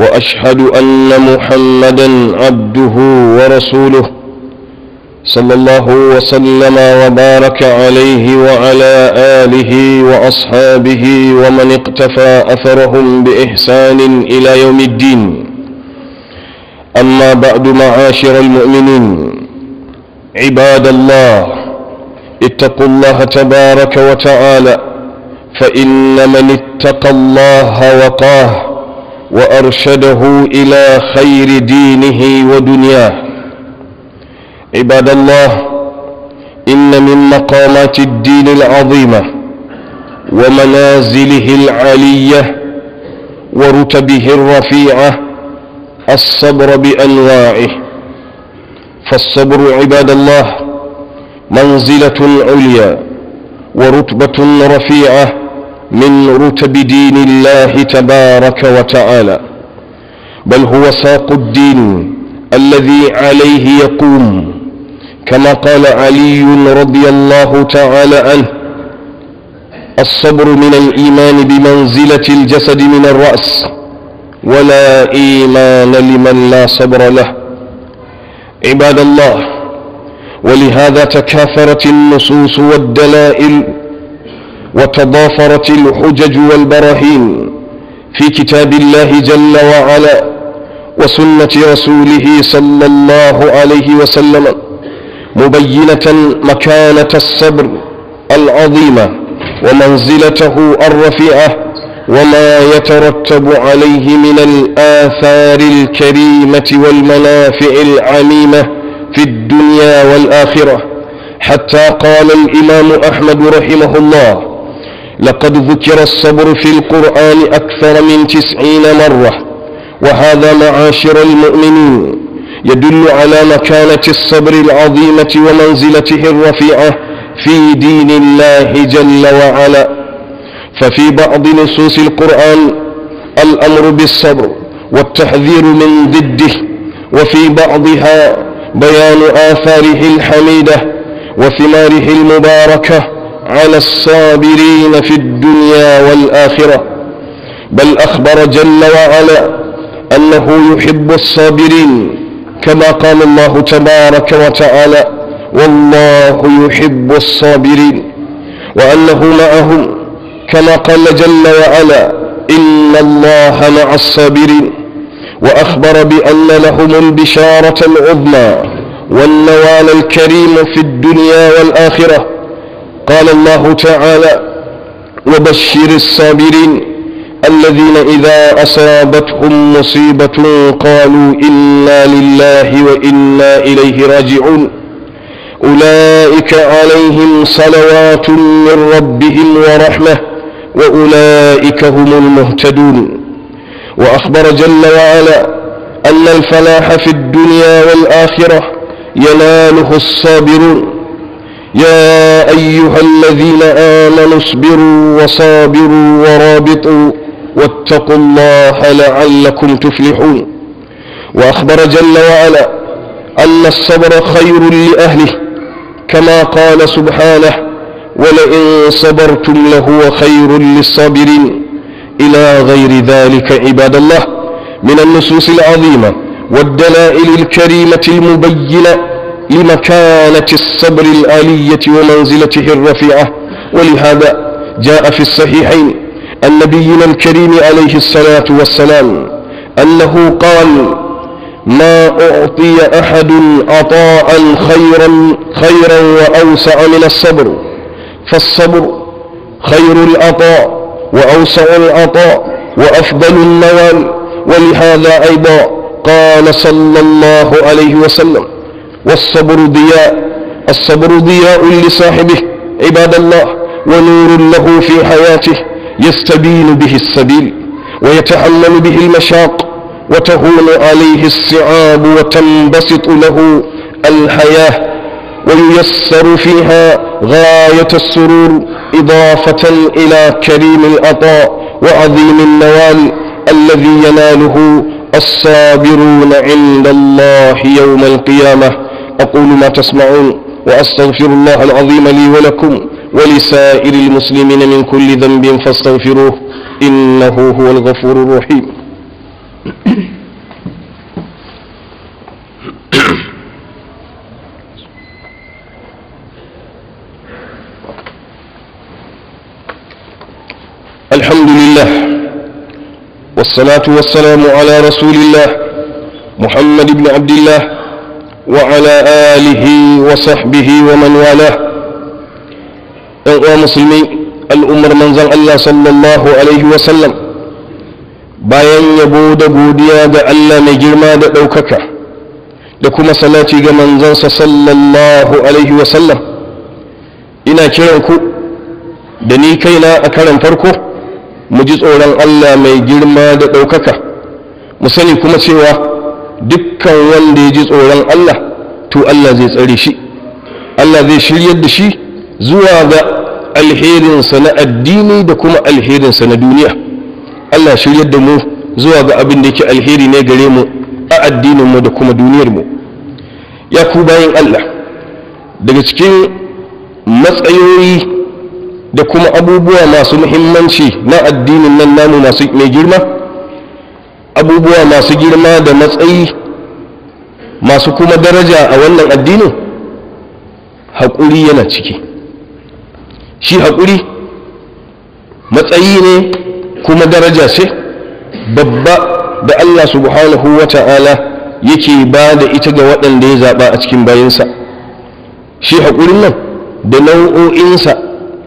واشهد ان محمدا عبده ورسوله صلى الله وسلم وبارك عليه وعلى اله واصحابه ومن اقتفى اثرهم باحسان الى يوم الدين اما بعد معاشر المؤمنين عباد الله اتقوا الله تبارك وتعالى فان من اتقى الله وقاه وأرشده إلى خير دينه ودنياه عباد الله إن من مقامات الدين العظيمة ومنازله العالية ورتبه الرفيعة الصبر بأنواعه فالصبر عباد الله منزلة عليا ورتبة رفيعة من رتب دين الله تبارك وتعالى بل هو ساق الدين الذي عليه يقوم كما قال علي رضي الله تعالى عنه الصبر من الإيمان بمنزلة الجسد من الرأس ولا إيمان لمن لا صبر له عباد الله ولهذا تكاثرت النصوص والدلائل وتضافرت الحجج والبراهين في كتاب الله جل وعلا وسنة رسوله صلى الله عليه وسلم مبينة مكانة الصبر العظيمة ومنزلته الرفيعة وما يترتب عليه من الآثار الكريمة والمنافع العميمة في الدنيا والآخرة حتى قال الإمام أحمد رحمه الله لقد ذكر الصبر في القرآن أكثر من تسعين مرة وهذا معاشر المؤمنين يدل على مكانة الصبر العظيمة ومنزلته الرفيعة في دين الله جل وعلا ففي بعض نصوص القرآن الأمر بالصبر والتحذير من ضده وفي بعضها بيان آثاره الحميدة وثماره المباركة على الصابرين في الدنيا والآخرة بل أخبر جل وعلا أنه يحب الصابرين كما قال الله تبارك وتعالى والله يحب الصابرين وأنه معهم كما قال جل وعلا إن الله مع الصابرين وأخبر بأن لهم البشارة العظمى والنوال الكريم في الدنيا والآخرة قال الله تعالى وبشر الصابرين الذين إذا أصابتهم مصيبة قالوا إنا لله وإنا إليه راجعون أولئك عليهم صلوات من ربهم ورحمة وأولئك هم المهتدون وأخبر جل وعلا أن الفلاح في الدنيا والآخرة يناله الصابرون يا أيها الذين آمنوا اصبروا وصابروا ورابطوا واتقوا الله لعلكم تفلحون وأخبر جل وعلا أن الصبر خير لأهله كما قال سبحانه ولئن صبرتم لهو خير للصابرين إلى غير ذلك عباد الله من النصوص العظيمة والدلائل الكريمة المبينة لمكانة الصبر الآلية ومنزلته الرفيعة ولهذا جاء في الصحيحين عن نبينا الكريم عليه الصلاة والسلام أنه قال ما أعطي أحد عطاء خيرا, خيرا وأوسع من الصبر فالصبر خير العطاء وأوسع العطاء وأفضل النوال ولهذا أيضا قال صلى الله عليه وسلم والصبر ضياء الصبر ضياء لصاحبه عباد الله ونور له في حياته يستبين به السبيل ويتحمل به المشاق وتهون عليه الصعاب وتنبسط له الحياة وييسر فيها غاية السرور إضافة إلى كريم العطاء وعظيم النوال الذي يناله الصابرون عند الله يوم القيامة أقول ما تسمعون وأستغفر الله العظيم لي ولكم ولسائر المسلمين من كل ذنب فاستغفروه إنه هو الغفور الرحيم الحمد لله والصلاة والسلام على رسول الله محمد بن عبد الله وعلى آله وصحبه ومن والاه ‘yan musulmi al'ummar manzan Allah sallallahu Alaihi wasallam bayan yabo da godiya ga Allah mai girma da ɗaukaka da kuma salati ga manzansa sallallahu Alaihi wasallam ina kiran ku da ni kaina a karan farko mu ji tsoron Allah mai girma da ɗaukaka mu sani kuma cewa dukkan wanda ya ji tsoron Allah to Allah zai tsare shi Allah zai shiryar da shi zuwa ga alherinsa na addini da kuma alherinsa na duniya Allah shiryar da mu zuwa ga abin da yake alheri ne gare mu a addinin mu da kuma duniyarmu ya ku bayan Allah daga cikin matsayoyi da kuma abubuwa masu muhimmanci na addinin nan namu masu mai girma abubuwa masu girma da matsayi masu kuma daraja a wannan addinin haƙuri yana ciki shi haƙuri matsayi ne kuma daraja ce babba da Allah subhanahu wa ta'ala yake ba da ita ga waɗanda ya zaɓa a cikin bayansa shi haƙurin nan da nau'o'insa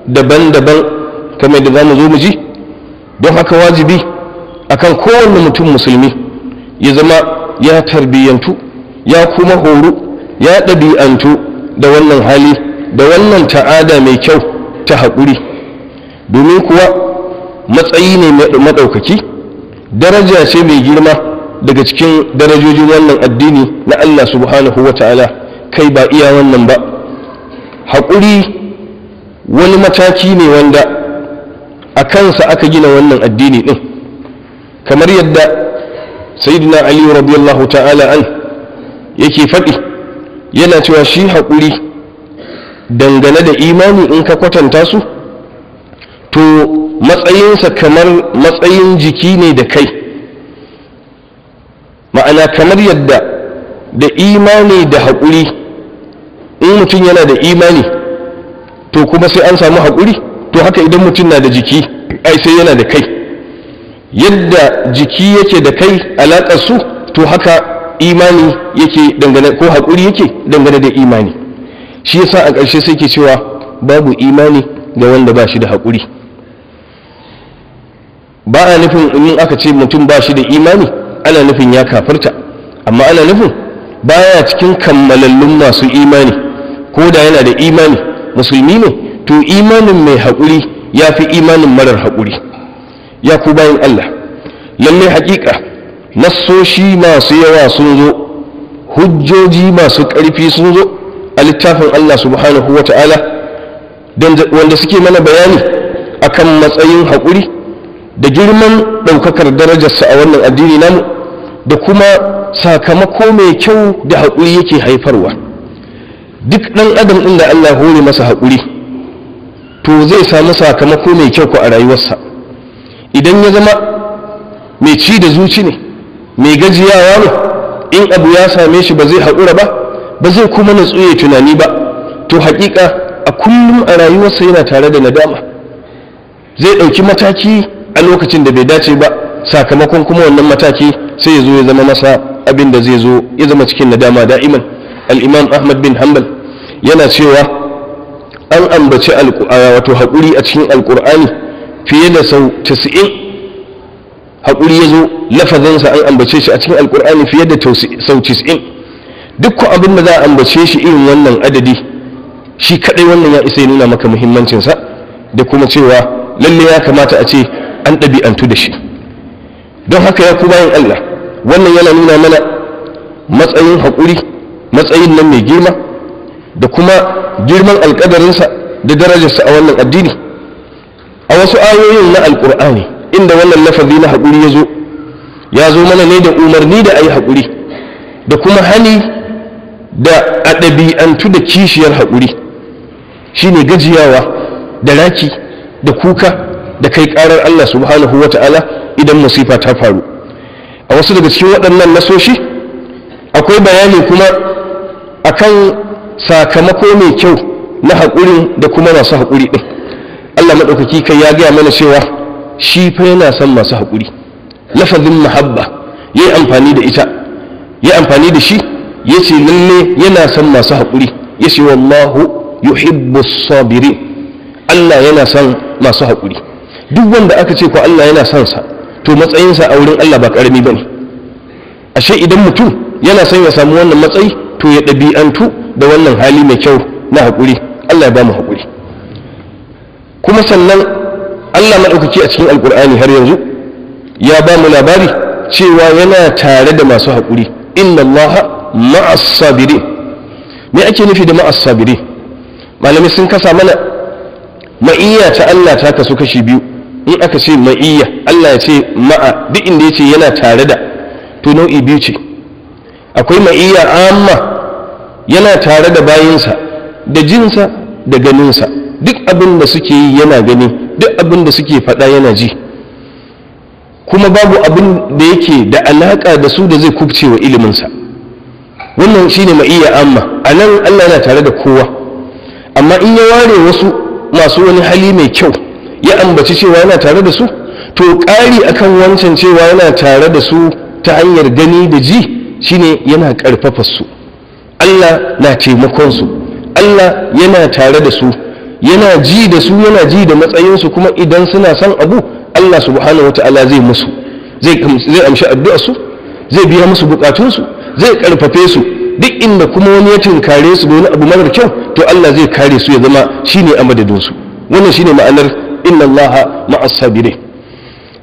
daban-daban kamar da za mu zo mu ji don haka wajibi akan kowane mutum musulmi ya zama ya tarbiyyantu ya kuma horo ya ɗabi'antu da wannan hali da wannan ta'ada mai kyau ta haƙuri domin kuwa matsayi ne maɗaukaki daraja ce mai girma daga cikin darajojin wannan addini na Allah subhanahu wa ta'ala kai ba iya wannan ba haƙuri wani mataki ne wanda a kansa aka gina wannan addini ɗin kamar yadda sayyidina ali radiyallahu ta'ala an yake faɗi yana cewa shi haƙuri dangane da imani in ka kwatanta su to matsayinsa kamar matsayin jiki ne da kai ma'ana kamar yadda da imani da haƙuri in mutum yana da imani to kuma sai an samu hakuri, to haka idan mutum na da jiki ai sai yana da kai yadda jiki yake da kai alaƙar su to haka imani yake dangane ko haƙuri yake dangane da imani shi yasa a ƙarshe sai ke cewa babu imani ga wanda ba shi da haƙuri ba a nufin in aka ce mutum ba shi da imani ana nufin ya kafarta amma ana nufin baya cikin kammalallun masu imani ko da yana da imani musulmi ne to imanin mai haƙuri ya fi imanin marar haƙuri ya ku bayan Allah lalle haƙiƙa nassoshi masu yawa sun zo hujjoji masu ƙarfi sun zo a littafin Allah subhanahu wa ta'ala wanda suke mana bayani akan matsayin haƙuri da girman ɗaukakar darajarsa a wannan addini namu da kuma sakamako mai kyau da haƙuri yake haifarwa duk ɗan adam ɗin da Allah hore masa haƙuri to zai samu sakamako mai kyau ko a rayuwarsa idan ya zama mai ci da zuci ne mai gajiyawa ne in abu ya same shi ba zai haƙura ba ba zai kuma natsu ya tunani ba to haƙiƙa a kullum a rayuwarsa yana tare da nadama zai ɗauki mataki a lokacin da bai dace ba sakamakon kuma wannan mataki sai ya zo ya zama masa abin da zai zo ya zama cikin nadama da'iman al'imam ahmad bin hanbal yana cewa an ambaci wato haƙuri a cikin alƙur'ani fiye da sau 90 haƙuri ya zo lafazinsa an ambace shi a cikin alƙur'ani fiye da sau 90 duk abin da za a ambace shi irin wannan adadi shi kaɗai wannan ya isa ya nuna maka muhimmancinsa da kuma cewa lalle ya kamata a ce an ɗabi'antu da shi don haka ya ku bayan allah wannan yana nuna mana matsayin haƙuri matsayin nan mai girma da kuma girman alƙadarinsa da darajarsa a wannan addini a wasu ayoyin na alkur'ani inda wannan lafazi na haƙuri ya zo ya zo mana ne da umarni da a yi haƙuri da kuma hani da a ɗabi'antu da kishiyar haƙuri shine gajiyawa da raki da kuka da kai ƙarar allah subhanahu wa ta'ala idan masifa ta faru a wasu daga cikin waɗannan nasoshi akwai bayani kuma akan sakamako mai kyau na haƙurin da kuma masu haƙuri ɗin Allah maɗaukaki kai ya gaya mana cewa shi fa yana son masu haƙuri lafazin muhabba yayi amfani da ita yayi amfani da shi yace lalle yana son masu haƙuri yace wallahu yuhibbu sa'biri Allah yana son masu haƙuri duk wanda aka ce ko Allah yana son sa to matsayinsa a wurin Allah ba ƙarami bane ashe idan mutum yana son ya samu wannan matsayi to ya ɗabi'antu da wannan hali mai kyau na haƙuri Allah ya ba mu haƙuri kuma sannan Allah maɗaukaki a cikin alkur'ani har yanzu ya ba mu labari cewa yana tare da masu haƙuri inna allaha ma'as sabirin me ake nufi da ma'as sabirin malamai sun kasa mana ma'iyya ta Allah ta kasu kashi biyu in aka ce ma'iyya Allah ya ce ma'a duk inda ya ce yana tare da to nau'i biyu ce akwai ma'iyya amma yana tare da bayinsa da jinsa da ganinsa duk abin da suke yi yana gani duk abin da suke faɗa yana ji kuma babu abin da yake da alaƙa da su da zai kubce wa iliminsa wannan shine ne ma'iyya amma a nan allah yana tare da kowa amma in ya ware wasu masu wani hali mai kyau ya ambaci cewa yana tare da su to ƙari akan wancan cewa yana tare da su ta hanyar gani da ji shine yana ƙarfafa su allah na taimakon su allah yana tare da su yana ji da su yana ji da matsayinsu kuma idan suna son abu Allah subhanahu wata'ala zai musu zai amshi su, zai biya musu bukatunsu zai karfafe su duk inda kuma wani ya tunkare su da wani abu marar kyau to Allah zai kare su ya zama shine a madadinsu wannan shine ma'anar inna Allah ma'as sabirin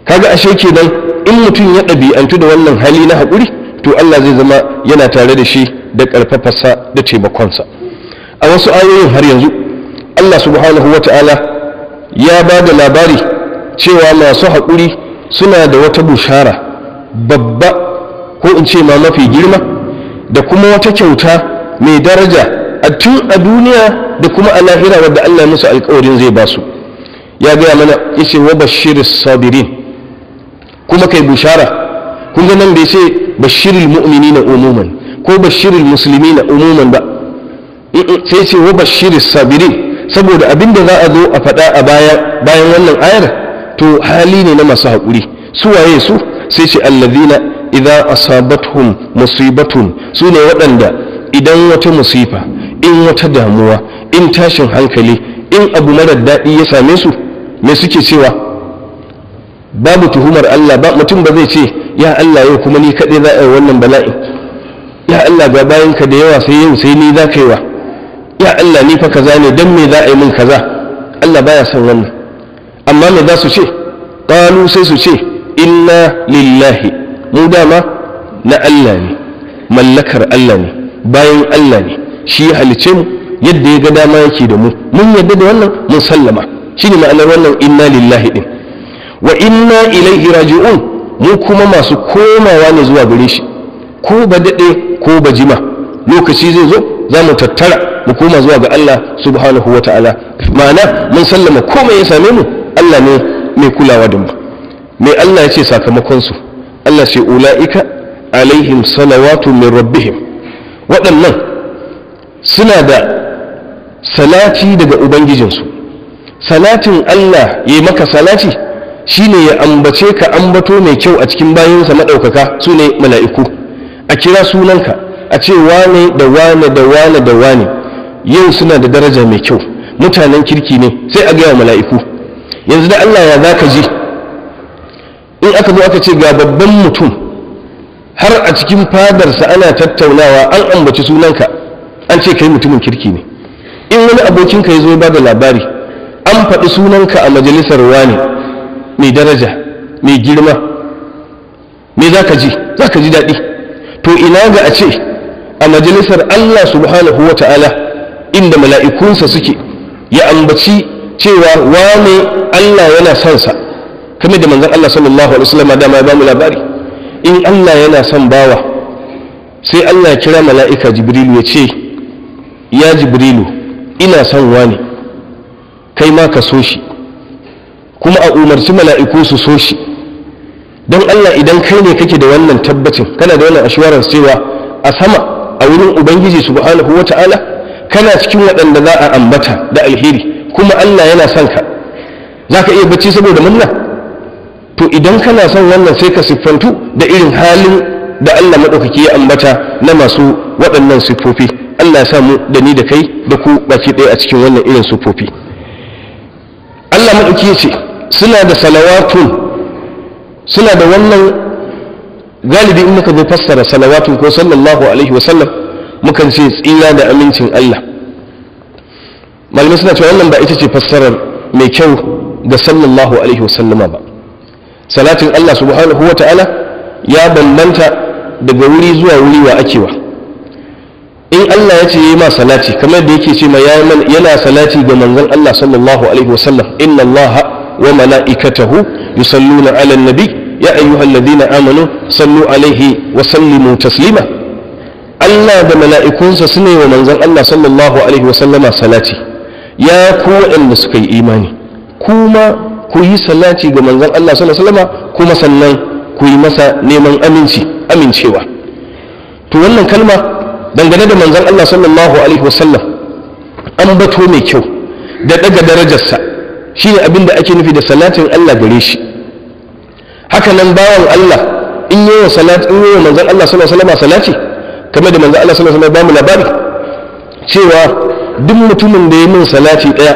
kaga ashe kenan in mutum ya ɗabi'antu da wannan hali na haƙuri to Allah zai zama yana tare da shi da ƙarfafarsa da taimakonsa a wasu ayoyin har yanzu Allah subhanahu wa ta'ala ya ba da labari cewa masu haƙuri suna da wata bushara babba ko in ce ma mafi girma da kuma wata kyauta mai daraja a tun a duniya da kuma a lahira wadda Allah musu alƙawarin zai ba su ya gaya mana ishe wa bashirin sabirin kuma kai bushara kun ga nan bai ce bashirin bashirul na umuman ko bashirin musulmi na umuman ba eh, eh, sai ce wa bashirin sabirin saboda abin da za a zo a faɗa a bayan wannan ayar to hali ne na masu haƙuri su waye su sai ce allazina idza asabatuhum musibatun su ne waɗanda idan wata musifa in wata damuwa in tashin hankali in abu mara daɗi ya same su me suke cewa babu tuhumar Allah ba mutum ba zai ce ya Allah yau kuma ni kaɗai za a yi wannan bala'in ya Allah ga bayanka da yawa sai yau sai ni za ka yi wa ya Allah ni fa kaza ne dan me za a yi min kaza Allah baya son wannan amma me za su ce qalu sai su ce inna lillahi mu dama na Allah ne mallakar Allah ne bayan Allah ne shi ya halice mu yadda ya ga dama yake da mu mun yadda da wannan mun sallama shine ma'anar wannan inna lillahi din wa inna ilaihi raji'un mu kuma masu komawa ne zuwa gare shi ko ba dade ko ba jima lokaci zai zo za mu tattara mu koma zuwa ga Allah subhanahu wa ta'ala ma'ana mun sallama komai ya same mu Allah ne mai kulawa da mu mai Allah ya ce su Allah sai ula'ika alaihim salawatu min rabbihim waɗannan suna da salati daga ubangijinsu salatin Allah ya maka salati shine ya ambace ka ambato mai kyau a cikin bayansa maɗaukaka su ne mala'iku a kira sunanka a ce wane da wane da wane da wane yau suna da daraja mai kyau mutanen kirki ne sai a gaya mala'iku yanzu da Allah ya za ka ji in aka zo aka ce ga babban mutum har a cikin fadarsa ana tattaunawa an ambaci sunanka an ce kai mutumin kirki ne in wani abokinka ya zo ba da labari an faɗi sunanka a majalisar wani mai daraja mai girma me za ka ji za ka ji daɗi to ina ga a ce a majalisar Allah subhanahu wa ta'ala inda mala'ikunsa suke ya ambaci cewa wane Allah yana sonsa kame da manzan Allah sallallahu alaihi wasallam dama ya bamu labari in Allah yana son bawa sai Allah ya kira mala'ika Jibrilu ya ce ya Jibrilu ina son wane kai ma ka so shi kuma a umarci mala'iku su so shi don Allah idan kai ne kake da wannan tabbacin kana da wannan assurance cewa a sama a wurin ubangiji subhanahu ta'ala kana cikin waɗanda za a ambata da alheri kuma Allah yana son ka za ka iya bacci saboda murna to idan kana son wannan sai ka siffantu da irin halin da Allah maɗaukaki ya ambata na masu waɗannan siffofi Allah ya samu da ni da kai da ku baki ɗaya a cikin wannan irin siffofi Allah maɗauki ya ce suna da salawatun suna da wannan galibi in muka zo fassara salawatun ko sallallahu alaihi wasallam mukan ce tsira da amincin Allah malamai suna cewa wannan ba ita ce fassarar mai kyau ga sallallahu alaihi wasallama ba salatin Allah subhanahu wa ta'ala ya bambanta daga wuri zuwa wuri wa akewa in Allah ya ce yi ma salati kamar da yake ce ma yana salati ga manzon Allah sallallahu alaihi wasallam inna Allah wa mala'ikatahu yusalluna ala nabi ya ayyuhal ladina amanu sallu alaihi wa sallimu taslima Allah da mala'ikunsa suna yi wa manzon Allah sallallahu alaihi wasallama salati ya ku waɗanda suka yi imani kuma ku yi salati ga manzon Allah sallallahu alaihi wasallama kuma sannan ku yi masa neman aminci amincewa to wannan kalma dangane da manzon Allah sallallahu alaihi wasallam an bato mai kyau da daga darajarsa shine abin da ake nufi da salatin Allah gare shi haka nan bawan Allah in yi wa manzon Allah sallallahu alaihi wasallama salati kamar da manzo Allah sallallahu alaihi wasallam ba mu labari cewa duk mutumin da ya min salati daya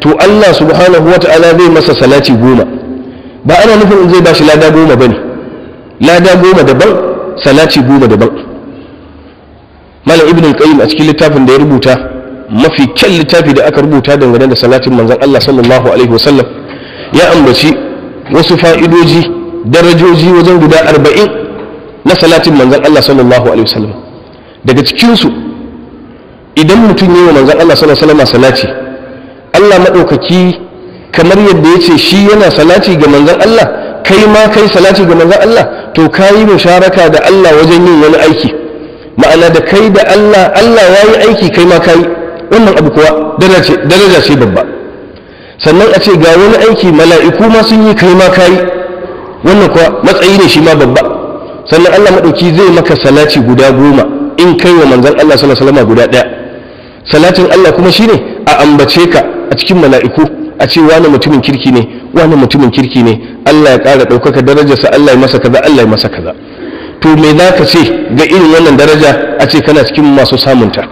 to Allah subhanahu wata'ala zai masa salati goma ba ana nufin zai ba shi lada goma bane lada goma daban salati goma daban malam ibn al-qayyim a cikin littafin da ya rubuta mafi kyan littafi da aka rubuta dangane da salatin manzon Allah sallallahu alaihi wasallam ya ambaci wasu fa'idoji darajoji wajen guda arba'in na salatin manzon Allah sallallahu alaihi wasallam daga cikinsu idan mutum yi wa manzan Allah sallallahu alaihi salati Allah maɗaukaki kamar yadda ya ce shi yana salati ga manzan Allah kai ma kai salati ga manzan Allah to ka yi musharaka da Allah wajen yin wani aiki ma'ana da kai da Allah Allah ya yi aiki kai ma kai? wannan abu kuwa daraja ce babba sannan a ce ga wani aiki mala'iku ma sun yi kai ma kai? wannan kuwa matsayi ne shi ma babba sannan Allah maɗauki zai maka salati guda goma in kai wa manzan Allah sallallahu alaihi wasallam guda daya salatin Allah kuma shine a ambace ka a cikin mala'iku a ce wani mutumin kirki ne wani mutumin kirki ne Allah ya ƙara ɗaukaka darajarsa Allah ya masa kaza Allah ya masa kaza to me za ka ce ga irin wannan daraja a ce kana cikin masu samunta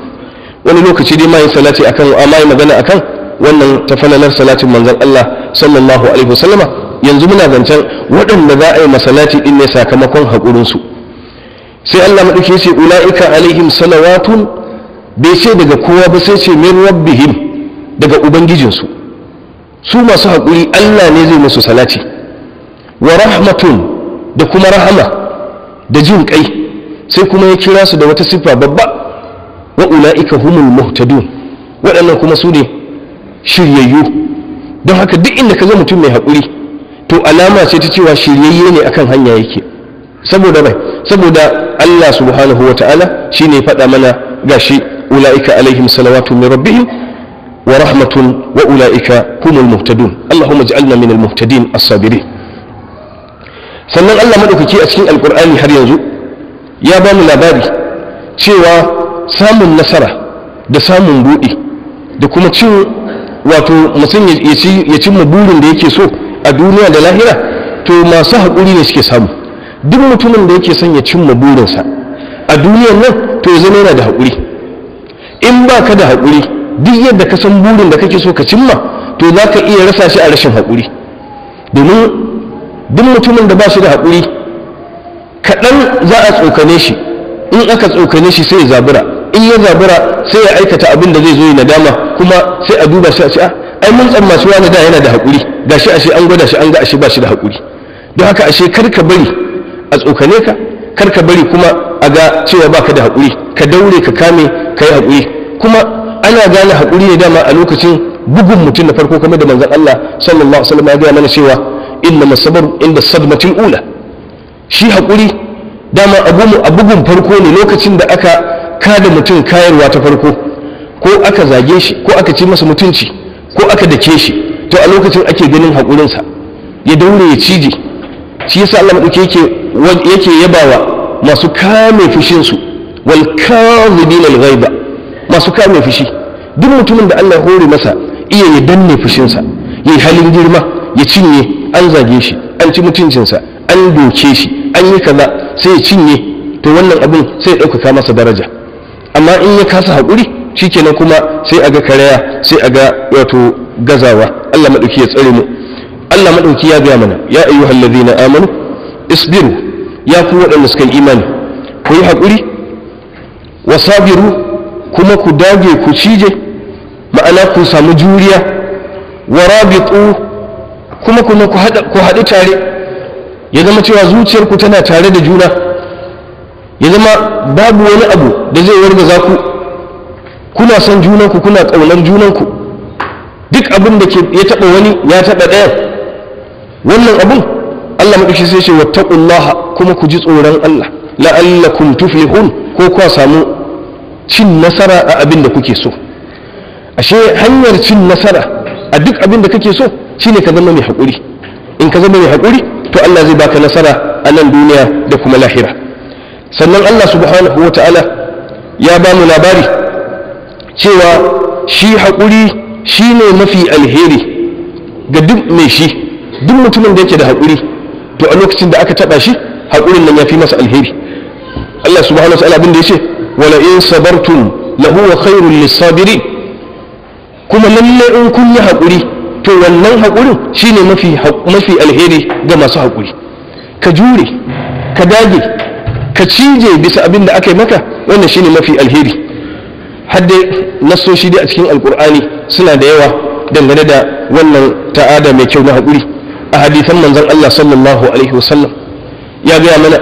wani lokaci dai yin salati akan amma yi magana akan wannan tafalalar salatin manzan Allah sallallahu alaihi wasallama yanzu muna zancen waɗanda za a yi masalati din ne sakamakon haƙurinsu sai Allah maɗauki ce ula'ika alaihim salawatun bai ce daga kowa ba sai ce min rabbihim daga ubangijinsu su masu haƙuri Allah ne zai musu salati wa rahmatun da kuma rahama da jin ƙai sai kuma ya kira su da wata siffa babba wa ula'ika humul muhtadun waɗannan kuma su ne shiryayyu don haka duk inda ka zama mutum mai haƙuri to alama ce ta cewa shiryayye ne akan hanya yake saboda mai saboda Allah subhanahu wa ta'ala shi ne faɗa mana gashi ula'ika alaihim salawatu min rabbi wa rahmatun wa ula'ika humul muhtadun Allahumma ij'alna min muhtadin as-sabirin sannan Allah madaukaki a cikin alqur'ani har yanzu ya ba mu labari cewa samun nasara da samun buɗi da kuma cin wato mutum ya cimma burin da yake so a duniya da lahira to masu haƙuri ne suke samu duk mutumin da yake son ya cimma burinsa a duniyar nan to ya zama yana da haƙuri in ba ka da haƙuri duk yadda ka san burin da kake so ka cimma to za ka iya rasa shi a rashin haƙuri domin duk mutumin da ba shi da haƙuri kaɗan za a tsokane shi in aka tsokane shi sai ya zabura in ya zabura sai ya aikata abin da zai zo yi nadama kuma sai a duba shi a ce ah, ai mun tsammaci wani da yana da haƙuri gashi ashe an gwada shi an ga ashe ba shi da haƙuri don haka ashe kar ka bari a tsokane ka kar ka bari kuma a ga cewa baka da haƙuri ka daure ka kame ka yi haƙuri kuma ana gane haƙuri ne dama a lokacin bugun mutum na farko kamar da manzan Allah sallallahu alaihi wasallam ya gaya mana cewa inna masabaru inda sadmatil ula shi haƙuri dama a bugun farko ne lokacin da aka kada mutum kayarwa ta farko ko aka zage shi ko aka ci masa mutunci ko aka dake shi to a lokacin ake ganin haƙurinsa ya daure ya cije shi yasa Allah maɗauke yake yake yabawa masu kame fushinsu wal kazibin al ghaiba masu kame fushi duk mutumin da Allah hore masa iya ya danne fushinsa yayi halin girma ya cinye an zage shi an ci mutuncin sa an doke shi an yi kaza sai ya cinye to wannan abin sai ya ɗaukaka masa daraja amma in ya kasa haƙuri shikenan kuma sai a ga karaya sai a ga wato gazawa Allah maɗauki ya tsare mu Allah madauki ya biya mana ya ayyuhal ladina amanu isbiru ya fi waɗanda suka imani ku yi haƙuri Sabiru kuma ku dage ku cije ma'ana ku samu juriya wa rabitu kuma kuma ku haɗu tare ya zama cewa zuciyarku tana tare da juna ya zama babu wani abu da zai za ku kuna son junanku kuna ƙaunar junanku duk abin da ya taɓa wani ya taɓa ɗaya. wannan abin Allah maɗauki sai ce wattaqullaha kuma ku ji tsoron Allah la'allakum tuflihun ko kuwa samu cin nasara a abin da kuke so ashe hanyar cin nasara a duk abin da kake so shine ka zama mai haƙuri. in ka zama mai haƙuri, to Allah zai baka nasara a nan duniya da kuma lahira sannan Allah subhanahu wata'ala ya ba mu labari cewa shi hakuri shine mafi alheri ga duk mai shi duk mutumin da yake da haƙuri. to a lokacin da aka taɓa shi haƙurin nan ya fi masa alheri Allah subhanahu wa abin da ya ce wala in sabartum lahu wa khairul kuma lalle in kun yi haƙuri to wannan haƙurin shine mafi mafi alheri ga masu haƙuri ka jure ka dage ka cije bisa abin da aka yi maka wannan shine mafi alheri har dai nassoshi dai a cikin alkur'ani suna da yawa dangane da wannan ta'ada mai kyau na haƙuri a hadisan manzon Allah sallallahu alaihi wasallam ya gaya mana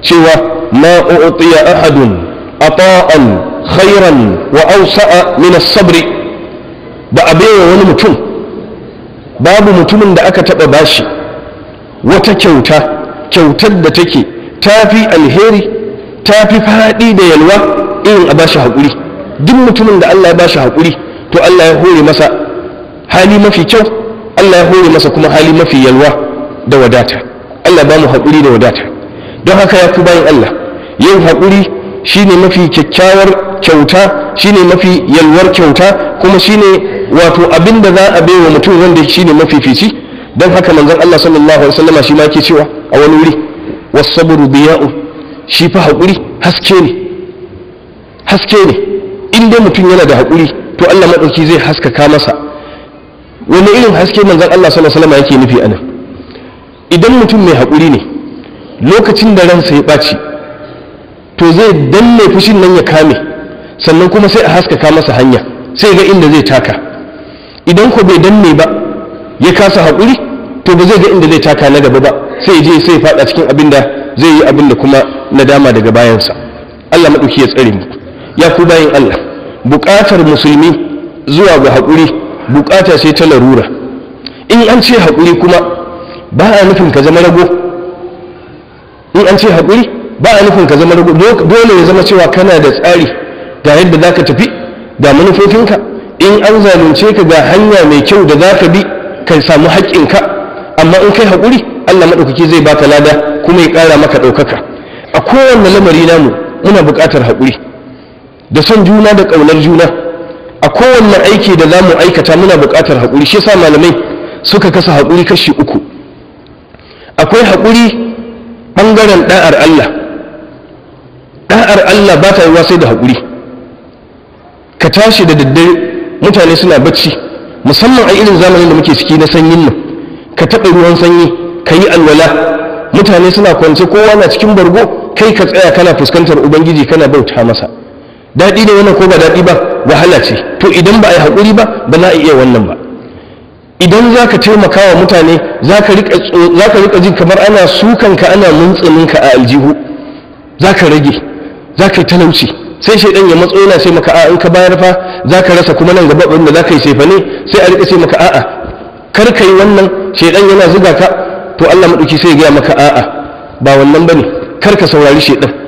cewa ma u'tiya ahadun ata'an khairan wa awsa'a min as-sabr ba a baiwa wani mutum babu mutumin da aka taba bashi wata kyauta kyautar da take tafi alheri tafi faɗi da yalwa irin a bashi haƙuri duk mutumin da Allah ya bashi haƙuri to Allah ya hore masa hali mafi kyau Allah ya hore masa kuma hali mafi yalwa da wadata Allah ba mu haƙuri da wadata don haka ya fi bayan Allah yin haƙuri shine mafi kyakkyawar kyauta shine mafi yalwar kyauta kuma shine wato abin da za a wa mutum wanda shine mafifici don haka manzon Allah sallallahu alaihi wasallama shi ma yake cewa a wani wuri wasabru biya'u shi fa haƙuri haske ne haske in dai mutum yana da haƙuri to Allah madauki zai haskaka masa wani irin haske manzan Allah sallallahu alaihi yake nufi anan idan mutum mai hakuri ne lokacin da ransa ya ɓaci to zai danne fushin nan ya kame sannan kuma sai a haskaka masa hanya sai ga inda zai taka idan ko bai danne ba ya kasa hakuri to ba zai ga inda zai taka na gaba ba sai je sai faɗa cikin abin da zai yi abin da kuma nadama daga bayansa Allah maɗauki ya tsare mu ya ku bayin Allah buƙatar musulmi zuwa ga hakuri. bukata sai ta larura in an ce haƙuri kuma ba a nufin ka zama rago in an ce haƙuri ba a nufin ka zama rago dole ya zama cewa kana da tsari ga yadda za ka tafi ga manufofinka in an zalunce ka ga hanya mai kyau da za ka bi kan samu haƙƙinka amma in kai haƙuri allah maɗaukaki zai baka lada kuma ya ƙara maka ɗaukaka a kowane lamari namu muna buƙatar haƙuri da son juna da ƙaunar juna a kowanne aiki da za mu aikata muna buƙatar haƙuri shi sa malamai suka kasa haƙuri kashi uku akwai haƙuri ɓangaren ɗa'ar Allah ɗa'ar Allah ba ta yi sai da haƙuri ka tashi da daddare mutane suna bacci musamman a irin zamanin da muke ciki na sanyin nan ka taɓa ruwan sanyi ka yi alwala mutane suna kwance kowa na cikin bargo kai ka tsaya kana fuskantar ubangiji kana bauta masa daɗi ne wannan ko ba daɗi ba wahala ce to idan ba a yi haƙuri ba ba na iya wannan ba idan za ka taimaka wa mutane za ka riƙa jin kamar ana ka ana muntsininka a aljihu za ka rage za ka yi talauci sai shaidan ya matso yana sai maka a'a in ka bayar fa za ka rasa kuma nan gaba wanda za ka yi sefa ne sai a riƙa sai maka a'a kar ka yi wannan shaidan yana zuga ka to Allah maɗauki sai ya gaya maka a'a ba wannan ba ne kar ka saurari shaidan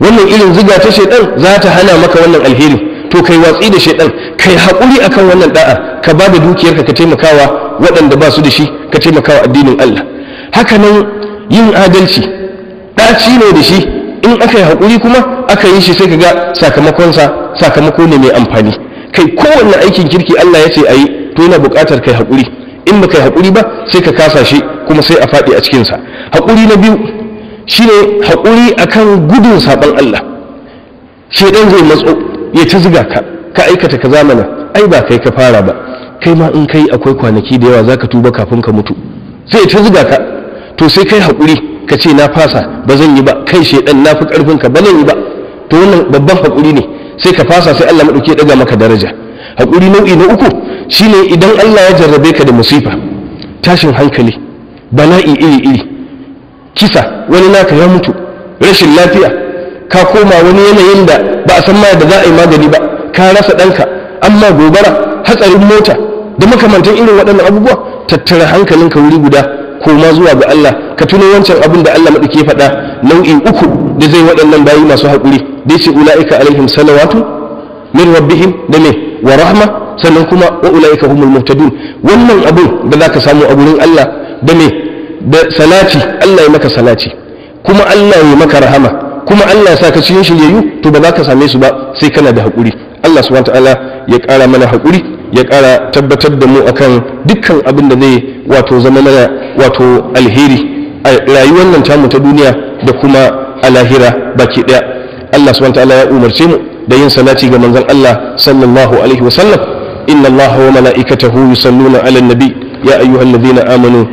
wannan irin ziga ta shaidan za ta hana maka wannan alheri to kai watsi da shaidan kai haƙuri akan wannan da'a ka ba da dukiyarka ka taimakawa waɗanda ba su da shi ka taimakawa addinin Allah haka nan yin adalci ɗaci ne da shi in aka yi haƙuri kuma aka yi shi sai ka ga sakamakonsa sakamako ne mai amfani kai kowanne aikin kirki Allah ya ce a yi to yana buƙatar kai haƙuri in ba kai haƙuri ba sai ka kasa shi kuma sai a faɗi a cikinsa haƙuri na biyu Shi ne haƙuri akan gudun saɓon Allah ɗan zai matso ya ta ziga ka ka aikata ka zamana ai ba kai ka fara ba kai ma in kai akwai kwanaki da yawa za ka tuba kafin ka mutu zai ta ziga ka to sai kai haƙuri ka ce na fasa ba zan yi ba kai ɗan na fi ƙarfin ka ba zan yi ba to wannan babban haƙuri ne sai ka fasa sai Allah maɗauki ya ɗaga maka daraja haƙuri nau'i na uku shine idan Allah ya jarrabe ka da masifa, tashin hankali bala'i iri iri kisa wani naka ya mutu rashin lafiya ka koma wani yanayin da ba a san ma da za a yi magani ba ka rasa ɗanka amma gobara hatsarin mota da makamantan irin waɗannan abubuwa tattara hankalinka wuri guda koma zuwa ga Allah ka tuno wancan abin da Allah ke faɗa nau'i uku da zai waɗannan bayi masu haƙuri da ya ce ula'ika alaihim salawatu min rabbihim da me wa rahma sannan kuma wa ula'ika humul muhtadun wannan abin da zaka samu a gurin Allah da me da salati Allah ya maka salati kuma Allah ya maka rahama kuma Allah ya saka ka cikin shiryayyu to ba za ka same su ba sai kana da hakuri. Allah subhanahu ta'ala ya ƙara mana hakuri ya ƙara tabbatar da mu akan dukkan abin da zai wato zama mana wato alheri a rayuwar nan tamu ta duniya da kuma a lahira baki ɗaya Allah subhanahu ta'ala ya umarce mu da yin salati ga manzon Allah sallallahu alaihi wa sallam inna Allah wa mala'ikatahu yusalluna 'alan nabi يا أيها الذين آمنوا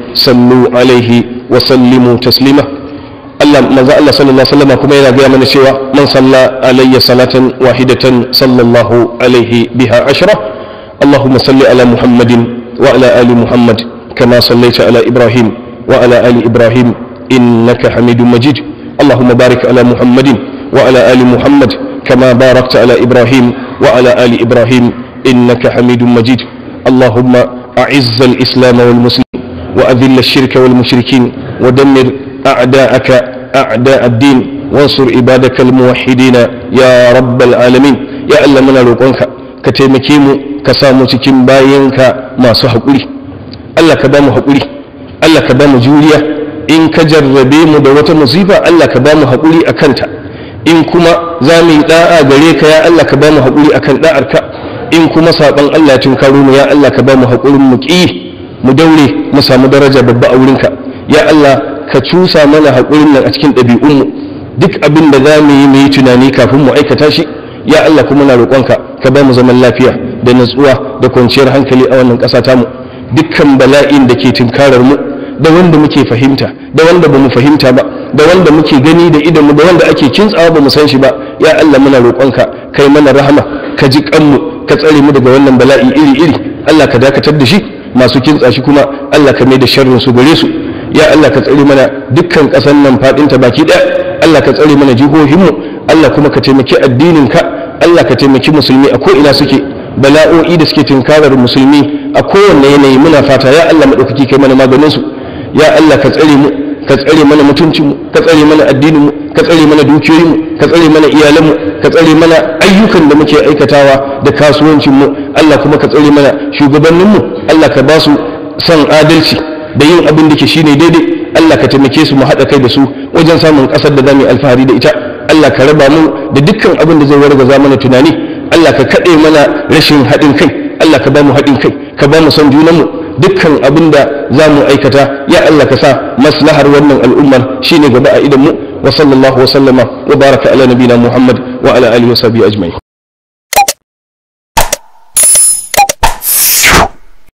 alaihi wa وسلموا taslima Allah manzo Allah sallallahu alaihi wasallam kuma yana gaya mana cewa man salla alayya salatan wahidatan sallallahu alaihi biha ashra Allahumma salli ala Muhammadin wa ala ali Muhammad kama sallaita ala Ibrahim wa ala ali Ibrahim innaka Hamidum Majid Allahumma barik ala Muhammadin wa ala ali Muhammad kama barakta ala Ibrahim wa ala ali Ibrahim innaka Hamidum Majid اللهم أعز الإسلام والمسلمين وأذل الشرك والمشركين ودمر أعداءك أعداء الدين وانصر عبادك الموحدين يا رب العالمين يا الله من روقنك كتمكيمو كسامو cikin bayinka masu hakuri Allah ka bamu hakuri Allah ka bamu juriya in ka jarrabe mu da wata masifa Allah ka bamu hakuri akanta in kuma za mu yi da'a gare ka ya Allah ka hakuri akan da'arka in kuma saban Allah tun karo mu ya Allah ka ba mu haƙurin mu ƙi mu daure mu samu daraja babba a wurinka ya Allah ka cusa mana haƙurin nan a cikin ɗabi'unmu duk abin da za mu yi mu yi tunani kafin mu aikata shi ya Allah kuma na roƙonka ka ba mu zaman lafiya da natsuwa da kwanciyar hankali a wannan ƙasa tamu dukkan bala'in da ke tunkarar mu da wanda muke fahimta da wanda ba fahimta ba da wanda muke gani da idanmu da wanda ake kintsawa bamu san shi ba ya Allah muna roƙonka kai mana rahama ka ji kanmu ka tsare mu daga wannan bala'i iri-iri Allah ka dakatar da shi masu kintsa shi kuma Allah ka mai da sharrin su gare su ya Allah ka tsare mana dukkan ƙasar nan ta baki ɗaya Allah ka tsare mana jihohin mu. Allah kuma ka taimaki addinin ka Allah ka taimaki musulmi a ko'ina suke bala'o'i da suke tunkarar musulmi a kowanne yanayi muna fata ya Allah maɗaukaki kai mana maganinsu ya Allah ka tsare mu ka tsare mana mutuncinmu ka tsare mana addininmu ka tsare mana dukiyoyinmu ka tsare mana iyalanmu ka tsare mana ayyukan da muke aikatawa da kasuwancinmu Allah kuma ka tsare mana shugabanninmu Allah ka ba su son adalci da yin abin da ke shine daidai Allah ka taimake su mu haɗa kai da su wajen samun ƙasar da za mu yi alfahari da ita Allah ka raba mu da dukkan abin da zai za mana tunani Allah ka kaɗe mana rashin haɗin kai Allah ka ba mu haɗin kai ka ba mu son junanmu dukkan abin da za mu aikata ya Allah ka sa maslahar wannan al'ummar shine gaba a idan mu wa sallallahu wa sallama wa baraka ala nabina Muhammad wa ala alihi wa sahbihi ajma'in